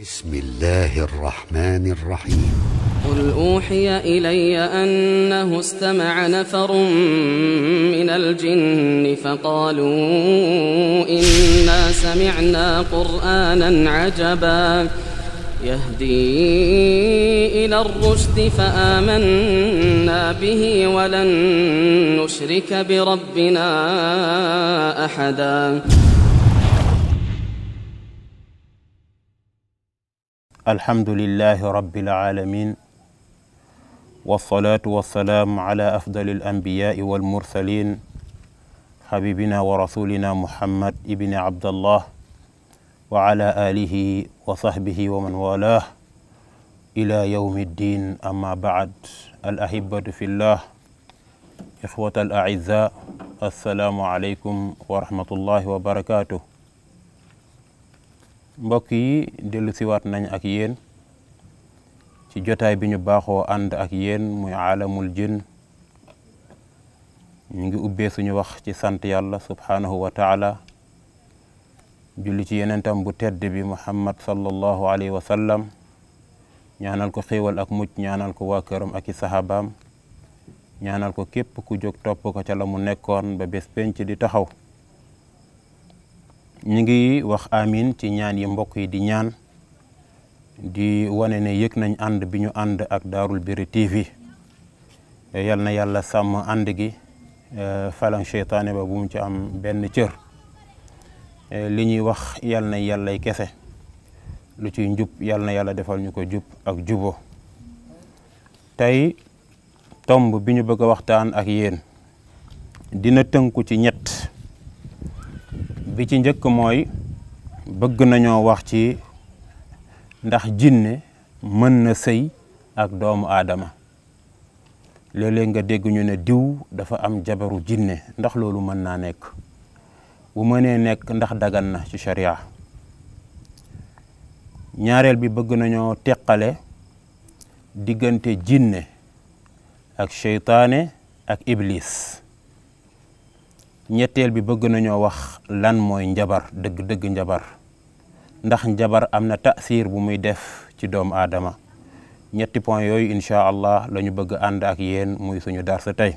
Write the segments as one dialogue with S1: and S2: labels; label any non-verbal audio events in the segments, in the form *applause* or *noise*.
S1: بسم الله الرحمن الرحيم قل أوحي إلي أنه استمع نفر من الجن فقالوا إنا سمعنا قرآنا عجبا يهدي إلى الرشد فآمنا به ولن نشرك بربنا أحداً alhamdulilahi rabbil alamin wasalaatu wasalaamu ala afdali al anbiyaai wal mursalin xabibina wa rasulina muhammad ibni abdallah wa ala alihi wa sahbihi wa man walah ila yawmi ddin amma baad al ahibatu fillah ixwata al aizza assalaamu aleykum wa rahmatullahi wa barakatuh mbokk yi dellu siwaat nañ ak yéen ci jotaay bi ñu baaxoo ànd ak yéen muy aalamul jën ñu ngi ubbee suñu wax ci sant yàlla subhaanahu wa taala julli ci yenentam bu tedd bi muhammad sallallahu alayhi wa sallam ñaanal ko xéewal ak mucc ñaanal ko waa këram ak i sahabaam ñaanal ko képp ku jóg topp ko ca la mu nekkoon ba bés penc di taxaw ñu ngi wax amin ci ñaan yi mbokk yi di ñaan di wane ne yëg nañ ànd bi ñu ànd ak Daarul Birri TV yal na yàlla sàmm ànd gi eh, falan seytaane ba bu mu ci am benn cër eh, li ñuy wax yal na yàllay kese lu ci njub yal na yàlla defal ñu ko jub ak jubo tey tomb bi ñu bëgg a waxtaan ak yéen dina tënku ci ñett bi ci njëkk mooy bëgg nañoo wax ci ndax jinne mën na sëy ak doomu aadama léeg nga dégg ñu ne diw dafa am jabaru jinné ndax loolu mën naa nekk bu mënee nekk ndax dagan na ci sharia ñaareel bi bëgg nañoo teqale diggante jinne ak seytaane ak ibliis ñetteel bi bëgg nañoo wax lan mooy njabar dëgg-dëgg njabar ndax njabar am na taasiir bu muy def ci doomu aadama ñetti point yooyu incha allah la bëgg ànd ak yéen muy suñu darsa tey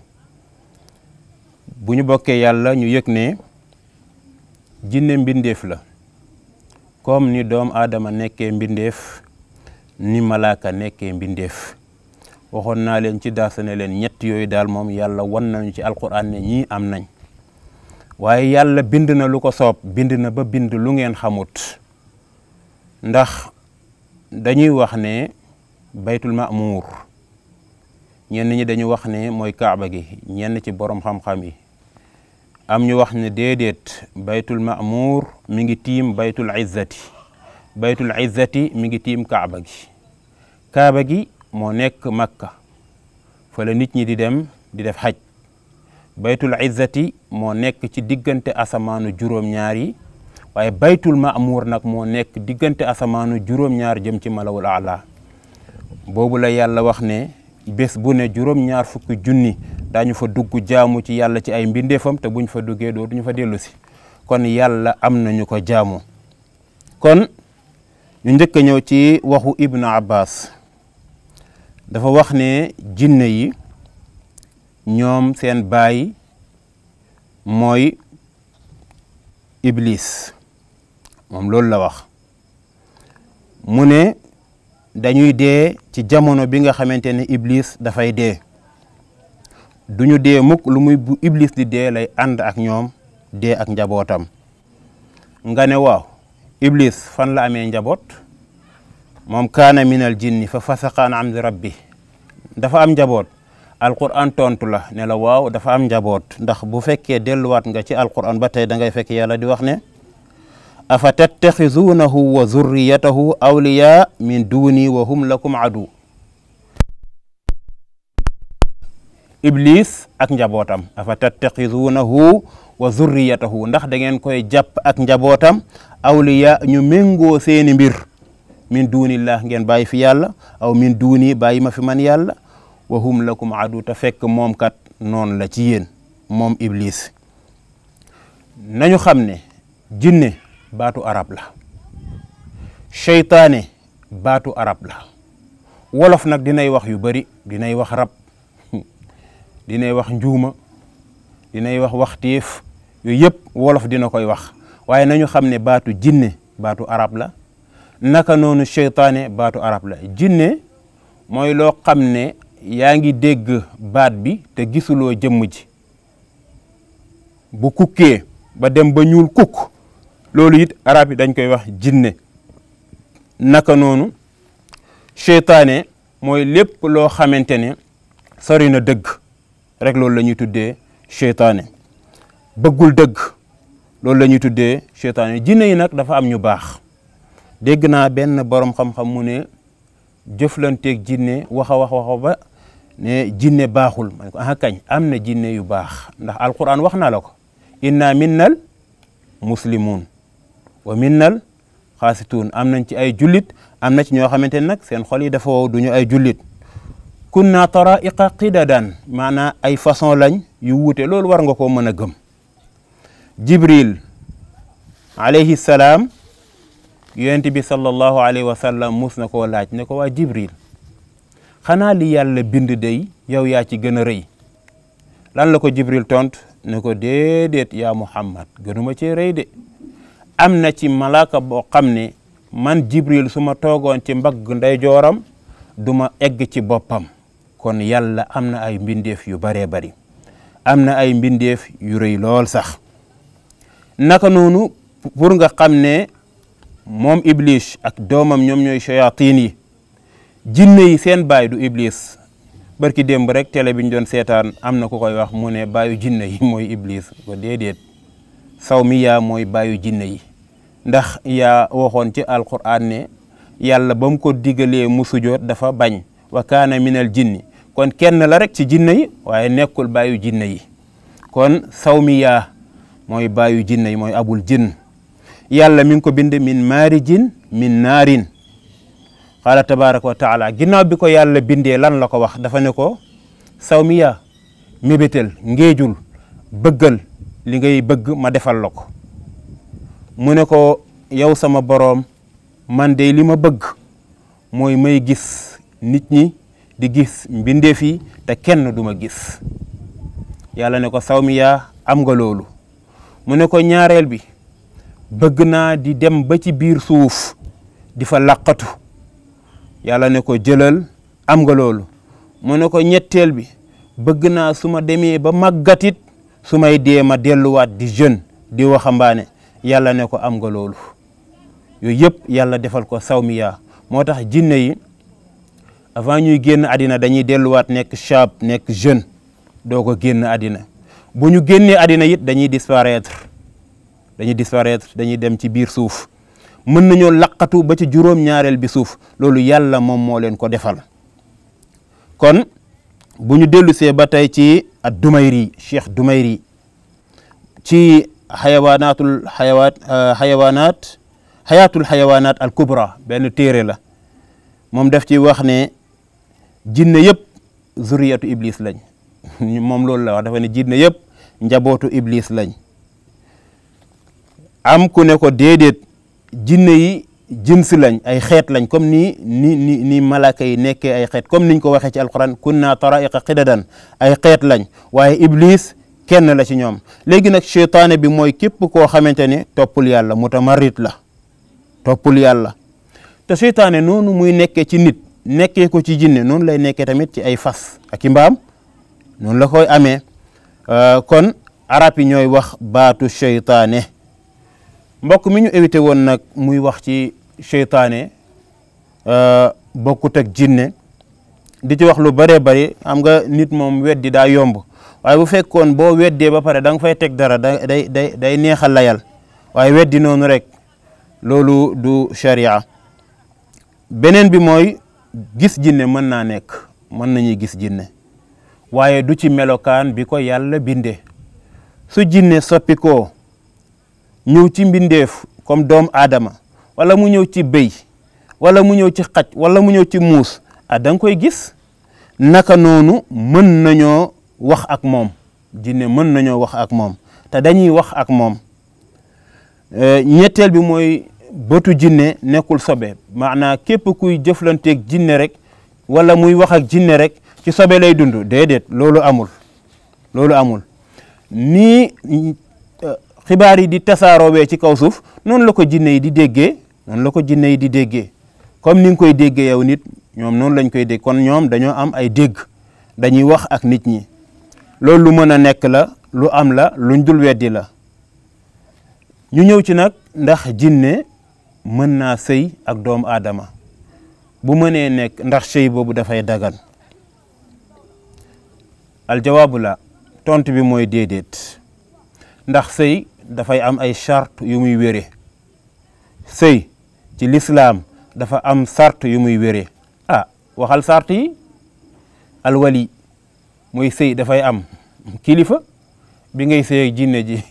S1: bu ñu bokkee yàlla ñu yëg ne jinne mbindeef la kom ni doomu aadama nekkee mbindeef ni malaaka nekkee mbindeef waxoon naa leen ci darsa ne leen ñett yooyu daal moom yàlla wan nañu ci alquran ne ñii am nañ waaye yàlla bind na lu ko soob bind na ba bind lu ngeen xamut ndax dañuy wax ne baytul maamuur ñenn ñi dañu wax ne mooy kaaba gi ñenn ci borom xam-xam yi am ñu wax ne déedéet ma maamuur mi ngi tiim baytul izzati baytul izzati mi ngi tiim kaaba gi kaaba gi moo nekk makka fa la nit ñi di dem di def xaj baytul izzati moo nekk ci diggante asamaanu juróom-ñaar yi waaye baytul maamuur nag moo nekk diggante asamaanu juróom-ñaar jëm ci malawul ala boobu la yàlla wax ne bés bu ne juróom-ñaar fukki junni daañu fa dugg jaamu ci yàlla ci ay mbindeefam te buñ fa duggee doo dootuñu fa dellu si kon yàlla am nañu ko jaamu kon ñu njëkk a ñëw ci waxu Ibn Abbas dafa wax ne jinne yi ñoom seen baay mooy iblis moom loolu la wax mu ne dañuy dee ci jamono bi nga xamante ne iblis dafay dee duñu dee mukk lu muy bu iblis di dee lay ànd ak ñoom dee ak njabootam nga ne waaw iblis fan la amee njaboot moom kaana minal jinni fa fasaqa an amri rabbi dafa am njaboot alquran tontu la ne la waaw dafa am njaboot ndax bu fekkee delluwaat nga ci alquran ba tey da ngay fekk yàlla di wax ne afa tattaxizuunahu wa zurriyatahu awliya min duuni wa hum lakum adu iblis ak njabootam afa tattaxizuunahu wa zurriyatahu ndax da ngeen koy jàpp ak njabootam awliya ñu méngoo seeni mbir min duunillah ngeen bàyyi fi yàlla aw min duni bàyyi ma fi man yàlla wa hum lakum adu te fekk moom kat noonu la ci yéen moom iblis nañu xam ne jinne baatu arab la seytaane baatu arab la wolof nag dinay wax yu bari dinay wax rab *laughs* dinay wax njuuma dinay wax waxtiif yooyu yëpp wolof dina koy wax waaye nañu xam ne baatu jinne baatu arab la naka noonu seytaane baatu arab la jinne mooy loo xam ne yaa ngi dégg baat bi te gisuloo jëmm ji bu kukkee ba dem ba ñuul kukk loolu it arab yi dañ koy wax jinne naka noonu seytaane mooy lépp loo xamante ne sori na dëgg rek loolu la ñuy tuddee seytaane bëggul dëgg loolu la ñuy tuddee seytaane jinne yi nag dafa am ñu baax dégg naa benn borom xam-xam mu ne jëflanteeg jinne wax a wax wax ba ne jinne baaxul man kañ am na jinne yu baax ndax alquran wax na la ko inna minnal muslimun wa minnal xaasituun am nañ ci ay jullit am na ci ñoo xamante ne nag seen xol yi dafa duñu ay jullit kunna taraiqa qidadan maanaam ay façon lañ yu wuute loolu war nga koo mën a gëm jibril alayhi yonent bi sallallahu alayhi wa sallam mus na koo laaj ne ko waa Jibril xanaa li yàlla bind day yow yaa ci gën a rëy lan la ko Jibril tontu ne ko déedéet yaa Muhammad gënuma cee rëy de am na ci malaaka boo xam ne man Jibril su ma toogoon ci mbagg ndeyjooram duma ma egg ci boppam kon yàlla am na ay mbindeef yu baree bari am na ay mbindeef yu rëy lool sax naka noonu pour nga xam ne moom iblis ak doomam ñoom ñooy shayatin yi jinne yi seen baay du iblis barki démb rek télé bi ñu doon seetaan am na ko koy wax mu ne baayu jinne yi mooy iblis ko déedéet saw mooy baayu jinne yi ndax ya waxoon ci alquran ne yàlla ba mu ko digalee mu sujoot dafa bañ wa kaana minal jinni kon kenn la rek ci jinne yi waaye nekkul baayu jinne yi kon saw mi mooy baayu jinne yi mooy abul jinn yàlla mi ngi ko bindee min maarijin min naarin qaala tabaraka wa taala ginnaaw bi ko yàlla bindee lan la ko wax dafa ne ko saw mi yaa mébétal ngéejul bëggal li ngay bëgg ma defal la ko mu ne ko yow sama boroom man de li ma bëgg mooy may gis nit ñi di gis mbindeef fii te kenn duma gis yàlla ne ko saw mi yaa am nga loolu mu ko ñaareel bi bëgg naa di dem ba ci biir suuf di fa làqatu yàlla ne ko jëlal am nga loolu mu ne ko ñetteel bi bëgg naa su ma demee ba màggatit su may dee ma delluwaat di jeune di waxambaane yàlla ne ko am nga loolu yooyu yëpp yàlla defal ko saw sawmiya moo tax jinne yi avant ñuy génn àddina dañuy delluwaat nekk chab nekk jeune doo ko génn àddina bu ñu génnee àddina it dañuy disparaître dañuy disparaître dañuy dem ci biir suuf mën nañoo laqatu ba ci juróom-ñaareel bi suuf loolu yàlla moom moo leen ko defal kon bu ñu dellusee ba tey ci ad dumayri cheikh dumayri ci xayawaanaatul xayawaat euh, xayawaanaat xayaatul xayawaanaat al kubra benn téere la moom def ci wax ne jinne yëpp zuriyatu iblis lañ *laughs* moom loolu la wax dafa ne jinne yëpp njabootu iblis lañ am ku ne ko déedéet jinne yi jins lañ ay xeet lañ comme ni ni ni ni yi nekkee ay xeet comme niñ ko waxee ci alquran kunna taraiqa qidadan ay xeet lañ waaye iblis kenn la ci ñoom léegi nag cheytaane bi mooy képp koo xamante ne toppul yàlla mutamarrit la toppul yàlla te cheytaane noonu muy nekkee ci nit nekkee ko ci jinne noonu lay nekkee tamit ci ay fas ak i mbaam noonu la koy amee euh, kon arab yi ñooy wax baatu cheytaane mbokk mi ñu évité woon nag muy wax ci seytaane euh, bokkut ak jinne di ci wax lu bëree bëri xam nga nit moom weddi daa yomb waaye bu fekkoon boo weddee ba pare da nga fay teg dara day day day neexal layal waaye weddi noonu rek loolu du sharia beneen bi mooy gis jinne mën naa nekk mën nañuy gis jinne waaye du ci melokaan bi ko yàlla bindee su jinne soppikoo ñëw ci mbindeef comme doom aadama wala mu ñëw ci béy wala mu ñëw ci xaj wala mu ñëw ci muus ah da koy gis naka noonu mën nañoo wax ak moom jinne mën nañoo wax ak moom te dañuy wax ak moom euh, ñetteel bi mooy bëtu jinne nekkul sobe maanaam képp kuy jëflanteek jinne rek wala muy wax ak jinne rek ci sobe lay dund déedéet loolu amul loolu amul nii xibaar yi di tasaaroo tasaaroowee ci kaw suuf noonu la ko jinne yi di déggee noonu la ko jinne yi di déggee comme ni nga koy déggee yow nit ñoom noonu lañ koy dégg kon ñoom dañoo am ay dégg dañuy wax ak nit ñi loolu lu mën a nekk la lu am la lu jul weddi la ñu ñëw ci nag ndax jinne mën naa sëy ak doomu aadama bu mënee nekk ndax sëy boobu dafay dagal aljawaabu la tontu bi mooy déedéet ndax sëy dafay am ay charte yu muy wéree sëy ci lislaam dafa am sart yu muy wéree ah waxal sart yi alwali muy sëy dafay am kilifa bi ngay sëy jinne ji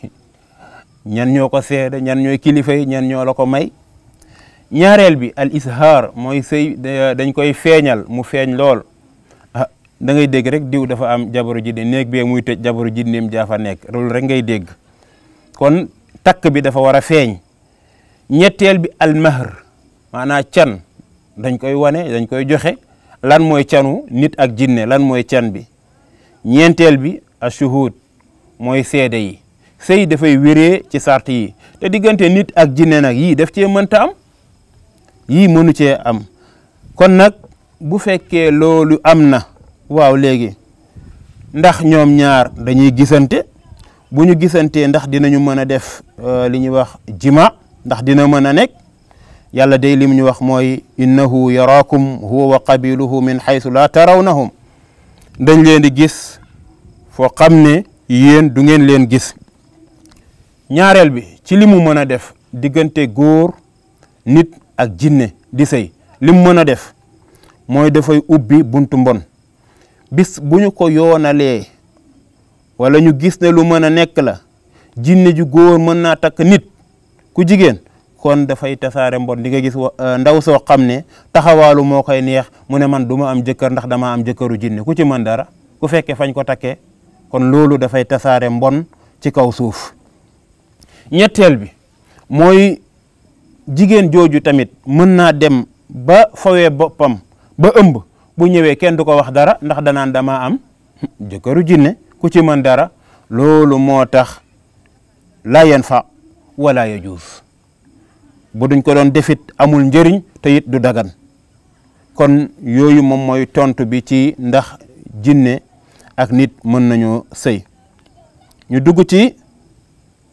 S1: ñan ñoo ko seede ñan ñooy kilifa yi ñan ñoo la ko may ñaareel bi al ishaar mooy sëy dañ koy feeñal mu feeñ lool ah da ngay dégg rek diw dafa am jabaru jinne néeg bee muy tëj jabaru jinneem jaafa nekk loolu rek ngay dégg kon takk bi dafa war a feeñ ñetteel bi almahr maanaa can dañ koy wane dañ koy joxe lan mooy canu nit ak jinne lan mooy can bi ñeenteel bi ashuhud mooy sede yi sëy dafay wéree ci sart yi te diggante nit ak jinne nag yi def cee mënta am yii mënu cee am kon nag bu fekkee loolu am na waaw léegi ndax ñoom ñaar dañuy gisante bu ñu gisantee ndax dinañu mën a def euh, li ñuy wax jima ndax dina mën a nekk yàlla day lim ñu wax mooy innahu yaraakum huwa wa qabiluhu min xaysu laa tarawnahum dañ leen di gis foo xam ne yéen du ngeen leen gis ñaareel bi ci li mu mën a def diggante góor nit ak jinne di sëy li mu mën a def mooy dafay ubbi buntu mbon bis bu ñu ko yoonalee wala ñu gis ne lu mën a nekk la jinne ju góor mën naa takk nit ku jigéen kon dafay tasaare mbon di nga gis euh, ndaw soo xam ne taxawaalu moo koy neex mu ne man duma am jëkkër ndax dama am jëkkëru jinne ku ci mën dara ku fekkee fañ ko takkee kon loolu dafay tasaare mbon ci kaw suuf ñetteel bi mooy jigéen jooju tamit mën naa dem ba fawee boppam ba ëmb bu ñëwee kenn du ko wax dara ndax danaan damaa am jëkkëru jinne ku ci mën dara loolu moo tax la fa wala yajuuz bu duñ ko doon defit amul njëriñ te du dagan kon yooyu moom mooy tontu bi ci ndax jinné ak nit mën nañoo sëy ñu dugg ci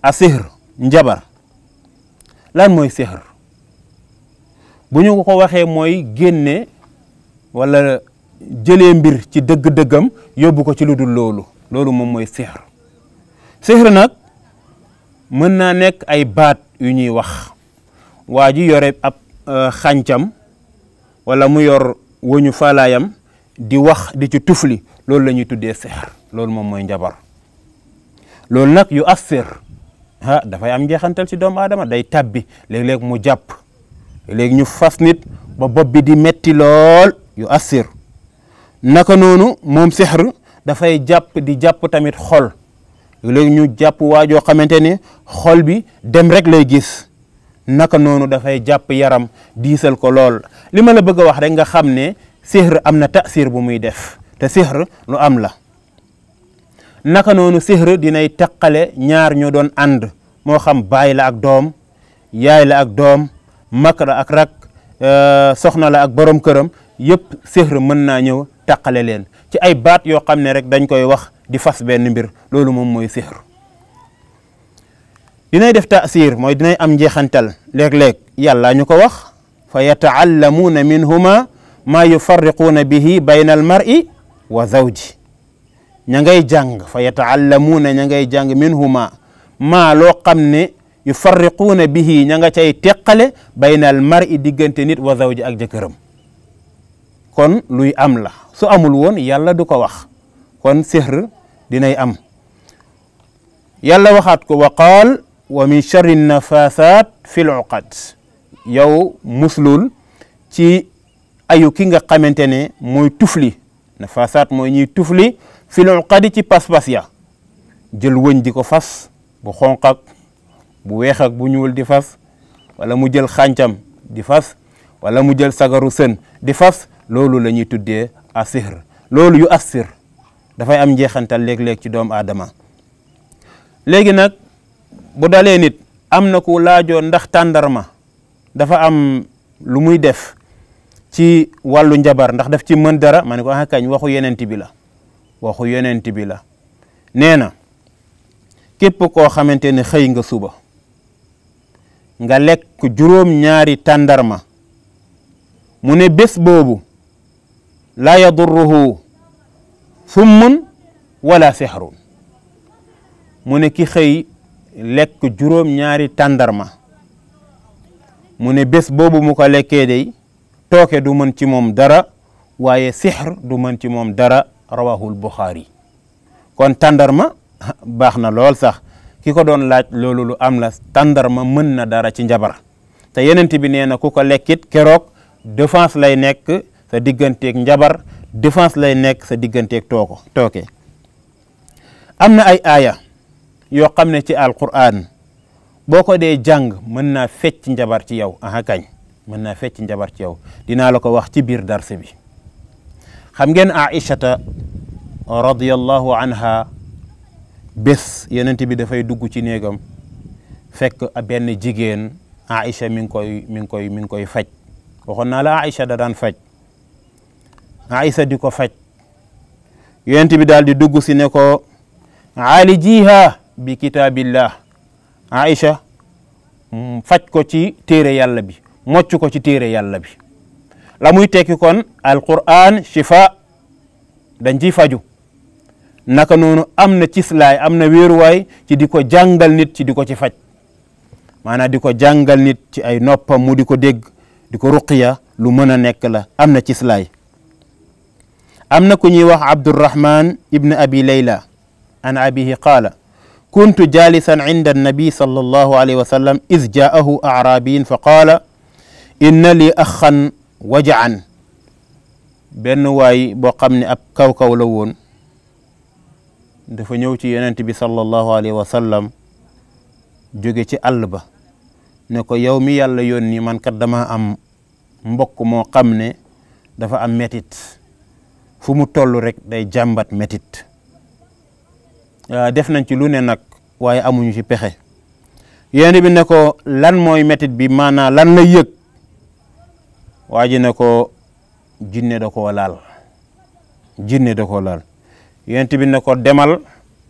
S1: asixr njabar lan mooy sixr bu ñu ko waxee mooy génne wala jëlee mbir ci dëgg-dëggam yóbbu ko ci lu dul loolu loolu moom mooy sixr sixr nag mën naa nekk ay baat yu ñuy wax waa ji yore ab euh, xàncam wala mu yor wëñu faalaayam di wax di ci tufli loolu la ñuy tuddee sixr loolu moom mooy njabar loolu nag yu assir ah dafay am njeexantal ci doomu aadama day tabbi léeg-léeg mu jàpp léegi ñu fas nit ba bopp bi di metti lool yu assir naka noonu moom sixr dafay jàpp di jàpp tamit xol léegi ñu jàpp waa joo xamante ne xol bi dem rek lay gis naka noonu dafay jàpp yaram diisal ko lool li ma la bëgg a wax rek nga xam ne sihr am na tasir bu muy def te sihr lu am la naka noonu sihr dinay teqale ñaar ñu doon ànd moo xam baay la ak doom yaay la ak doom mag la ak rak euh, soxna la ak borom këram yëpp sihr mën naa ñëw teqale leen ci ay baat yoo xam ne rek dañ koy wax di fas benn mbir loolu moom mooy sixr dinay def taasir mooy dinay am njeexantal léeg-léeg yàlla ñu ko wax fa yataallamuuna minhuma ma yufarriquuna bihi bayna al mar'i wa zawji ña ngay jàng fa yataallamuuna ña ngay jàng minhuma maa loo xam ne yufarriquuna bihi ña nga cay teqale bayna al mar'i diggante nit wa zawji ak jëkkëram kon luy am la su amul woon yàlla du ko wax kon sihr dinay am yàlla waxaat ko wa qaal wa min charri nafasat fil uqad yow muslul ci ayu ki nga xamante ne mooy tufli nafasat mooy ñuy tufli fil uqadi ci pas ya jël wëñ di ko fas bu xonq ak bu weex ak bu ñuul di fas wala mu jël xàncam di fas wala mu jël sagaru sën di fas loolu la ñuy tuddee asihr loolu yu assir dafay am njeexantal léeg-léeg ci doomu aadama léegi nag bu dalee nit am na ku laajoon ndax tàndarma dafa am lu muy def ci wàllu njabar ndax def ci mën dara ma ne ko ah kañ waxu yonent bi la waxu yonent bi la nee na képp koo xamante ne xëy nga suba nga lekk juróom-ñaari tàndarma mu ne bés boobu laa yadurruhu summun wala sexrun mu ne ki xëy lekk juróom-ñaari tàndarma mu ne bés boobu mu ko lekkee day tooke du mën ci moom dara waaye sixr du mën ci moom dara rawahul buxaari kon tàndarma *laughs* baax na lool sax ki ko doon laaj loolu lu am la tàndarma mën na dara ci njabar te yenent bi nee ku ko lekkit keroog défense lay nekk sa digganteeg njabar défense lay nekk sa digganteek tooko tooke am na ay aya yoo xam ne ci alquran boo ko dee jàng mën naa fecc njabar ci yow aha kañ mën naa fecc njabar ci yow dinaa la ko wax ci biir darse bi xam ngeen aishata radiyallahu anha bés yonent bi dafay dugg ci néegam fekk benn jigéen aisha mi ngi koy mi ngi koy mi ngi koy faj waxoon naa la aisha da daan faj Aysa di ko faj yonent bi daal di dugg si ne ko aali jiha bi kitaabillah Aïcha mm, faj ko ci téere yàlla bi mocc ko ci téere yàlla bi la muy tekki kon alquran shifa dañ ciy faju naka noonu am na cislay am na wéeruwaay ci di ko jàngal nit ci di ko ci faj maanaam di ko jàngal nit ci ay noppam mu di ko dégg di ko ruqiya lu mën a nekk la am na cislaay am na ku ñuy wax abdurrahman ibn abi layla an abihi qaala kuntu jalisan inda annabi sallallahu alayhi wa sallam iz jaahu fa qaala inna li axan wajaan benn waay boo xam ne ab kaw-kaw la dafa ñëw ci yonent bi sallallahu alayhi wa sallam jóge ci àll ba ne ko yow mi yàlla yónni man kat dama am mbokk moo xam ne dafa am metit fu mu toll rek day jàmbat métit euh, def nañ ci lu ne nag waaye amuñu ci pexe yéen bi ne ko lan mooy metit bi maanaam lan la yëg waa ji ne ko jinne da koo laal jinne da laal yéen bi ne ko demal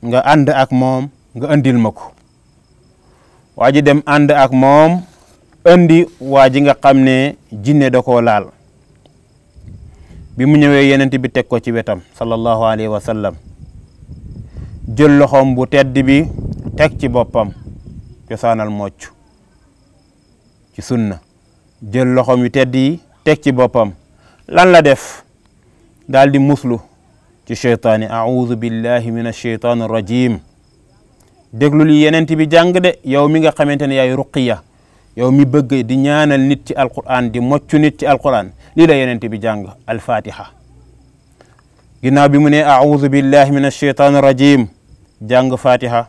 S1: nga ànd ak moom nga andil ma ko waa ji dem ànd ak moom andi waa ji nga xam ne jinne da koo laal bi mu ñëwee yenent bi teg ko ci wetam sallallahu alayhi wa sallam jël loxoom bu tedd bi teg ci boppam cosaanal mocc ci sunna jël loxoom yu tedd yi teg ci boppam lan la def daal di muslu ci cheytaani audu billahi min acheytaan rajim déglu li yenent bi jàng de yow mi nga xamante ne yaay ruqiya yow mi bëgg di ñaanal nit ci alquran di moccu nit ci alquran lii la yonent bi jàng alfatiha ginnaaw bi mu ne audu billahi min alcheytaan rajim jàng fatiha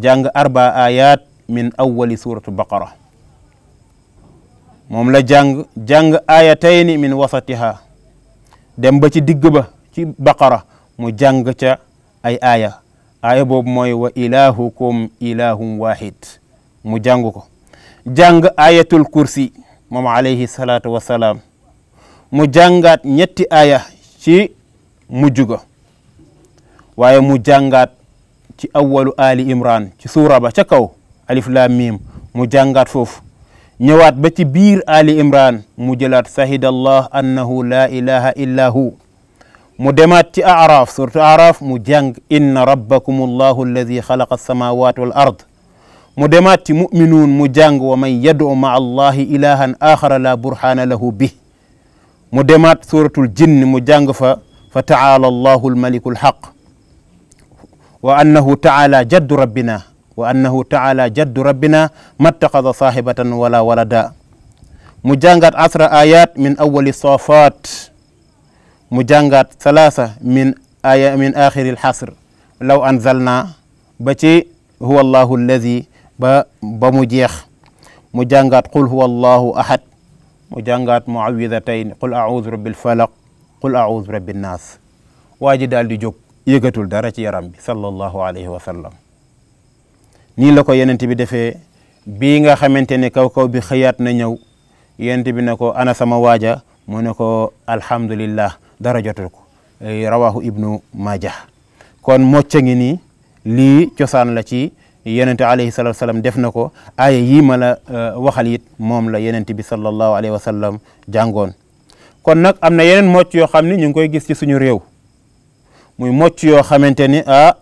S1: jàng arba ayat min awali suratu baqara moom la jàng jàng ayatayni min wasatiha dem ba ci digg ba ci baqara mu jàng ca ay aaya aaya boobu mooy wa ilahukum ilahum wahid mu jàng ko jàng ayatul kursi moom alayhi salaatu wasalaam mu jàngaat ñetti aaya ci mujj ga waaye mu jàngaat ci awwalu ali imran ci suura ba ca kaw alif miim mu jàngaat foofu ñëwaat ba ci biir ali imran mu jëlaat sahida allah annahu la ilaha illa hu mu demaat ci araaf surtout araaf mu jàng inna rabbakum allahu alladi xalaqa alsamawat wal ard mu demaat ci muminuun mu jàng wa man yad'u maa allahi ilahan axara la burhana lahu bi mu demaat suratul jinn mu jàng fa fa taala allahu almaliku alhaq wa annahu taala jaddu rabbina wa annahu taala jaddu rabbina mattaxada saahibatan wala walada mu jàngaat asra ayat min awali safat mu jàngaat salaasa min aya min axiri alxasr law anzalna ba ci huwa allahu alladi ba ba mu jeex mu jàngaat qul huwa allahu ahad mu jàngaat muawidatayn qul audu rabbil falaq qul audu rabbin naas waa ji daal di jóg yëgatul dara ci yaram bi sallallahu alayhi wa sallam nii la ko yenent bi defee bi nga xamante ni kaw-kaw bi xëyaat na ñëw yenent bi ne ko ana sama waaja mu ne ko alhamdulillah dara jotul ko eh, rawahu ibnu majah kon mocca ngi nii lii cosaan yonente alayhi salatu wasalam def na ko aaya yii ma la eh, waxal it moom la yeneen yonente bi sallallahu alayhi wa sallam jàngoon kon nag am na yeneen mocc yoo xam ne ñu ngi koy gis ci suñu réew muy mocc yoo xamante ni ah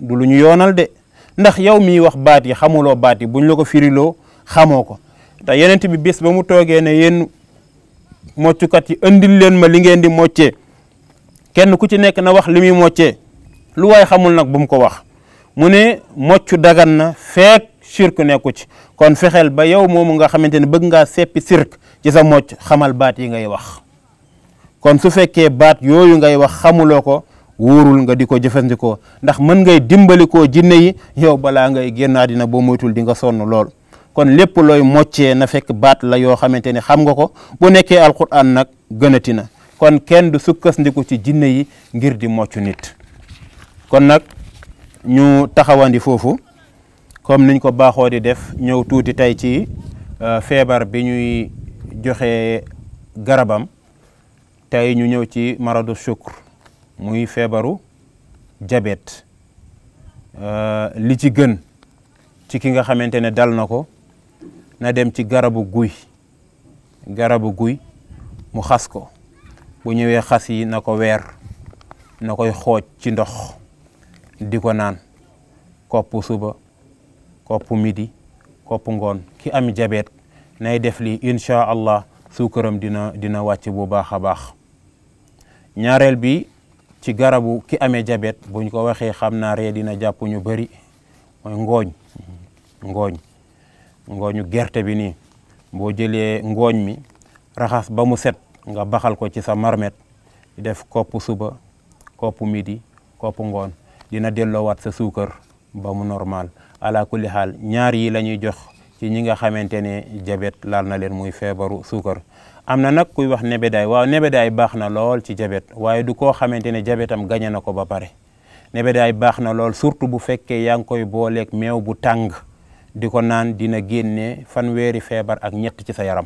S1: du lu ñu yoonal de ndax yow miy wax baat yi xamuloo baat yi buñ la ko firiloo xamoo ko te yonent bi bis ba mu toogee ne yéen moccukat yi andil leen ma li ngeen di mocce kenn ku ci nekk na wax li muy moccee lu waay xamul nag bu mu ko wax mu ne mocc dagan na feek sirk nekku ci kon fexeel ba yow moomu nga xamante ne bëgg ngaa seppi sirk ci sa mocc xamal baat yi ngay wax kon su fekkee baat yooyu ngay wax xamuloo ko wóorul nga di ko jëfandikoo ndax mën ngay dimbalikoo jinne yi yow balaa ngay génn àddina boo moytul di nga sonn lool kon lépp looy moccee na fekk baat la yoo xamante ne xam nga ko bu nekkee alquran nag gënati na kon kenn du sukkandiku ci jinne yi ngir di mocc nit kon nag ñu taxawandi foofu comme niñ ko baaxoo di def ñëw tuuti tey ci euh, feebar bi ñuy joxe garabam tey ñu ñëw ci maradu sukkur muy feebaru jabet euh, li ci gën ci ki nga xamante ne dal na ko na dem ci garabu guy garabu guy mu xas ko bu ñëwee xas yi na ko weer na koy xooj ci ndox di ko naan kopp suba kopp midi koppu ngoon ki am jabeet nay def li incha allah suukaram dina dina wàcc bu baax a baax ñaareel bi ci garabu ki amee jabet buñ ko waxee xam naa dina jàpp ñu bari mooy ngooñ ngooñ ngooñu gerte bi nii boo jëlee ngooñ mi raxas ba mu set nga baxal ko ci sa marmet def kopp suba koppu midi koppu ngoon dina delloowaat sa suukar ba mu normal ala kulli xaal ñaar yi la ñuy jox ci ñi nga xamante ne jabet laal na leen muy feebaru suukar am na nag kuy wax nebedaay waaw nebedaay baax na lool ci jabet waaye du koo xamante ne jabetam gañe na ko ba pare nebedaay baax na lool surtout bu fekkee yaa ngi koy booleeg meew bu tàng di ko naan dina génne fanweeri feebar ak ñett ci sa yaram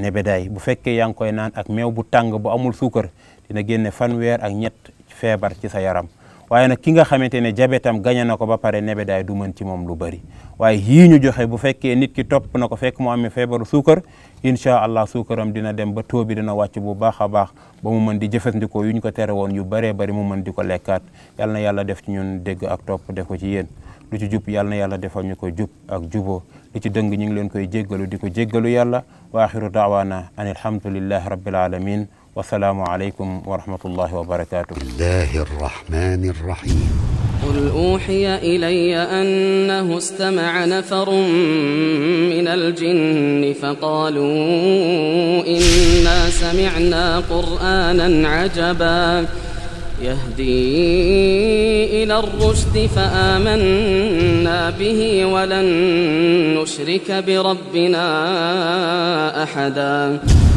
S1: nebedaay bu fekkee yaa ngi koy naan ak meew bu tàng bu amul suukar dina génne fanweer ak ñett feebar ci sa yaram waaye nag ki nga xamante ne jabetam gañe nako ba pare nebedaay du mën ci moom lu bëri waaye yii ñu joxe bu fekkee nit ki topp na ko fekk mu am amee feebaru suukar incha allah suukaram dina dem ba taux bi dina wàcc bu baax a baax ba mu mën di jëfandikoo yu ñu ko tere woon yu bëree bari mu mën di ko lekkaat yal na yàlla def ci ñun dégg ak topp def ko ci yéen lu ci jub yal na yàlla defal ñu ko jub ak jubo lu ci dëng ñu ngi leen koy jéggalu di ko jéggalu yàlla wa axiru daawaana an alhamdulillahi rabbil alamin والسلام عليكم ورحمة الله وبركاته الله الرحمن الرحيم قل أوحي إلي أنه استمع نفر من الجن فقالوا إنا سمعنا قرآنا عجبا يهدي إلى الرشد فآمنا به ولن نشرك بربنا أحداً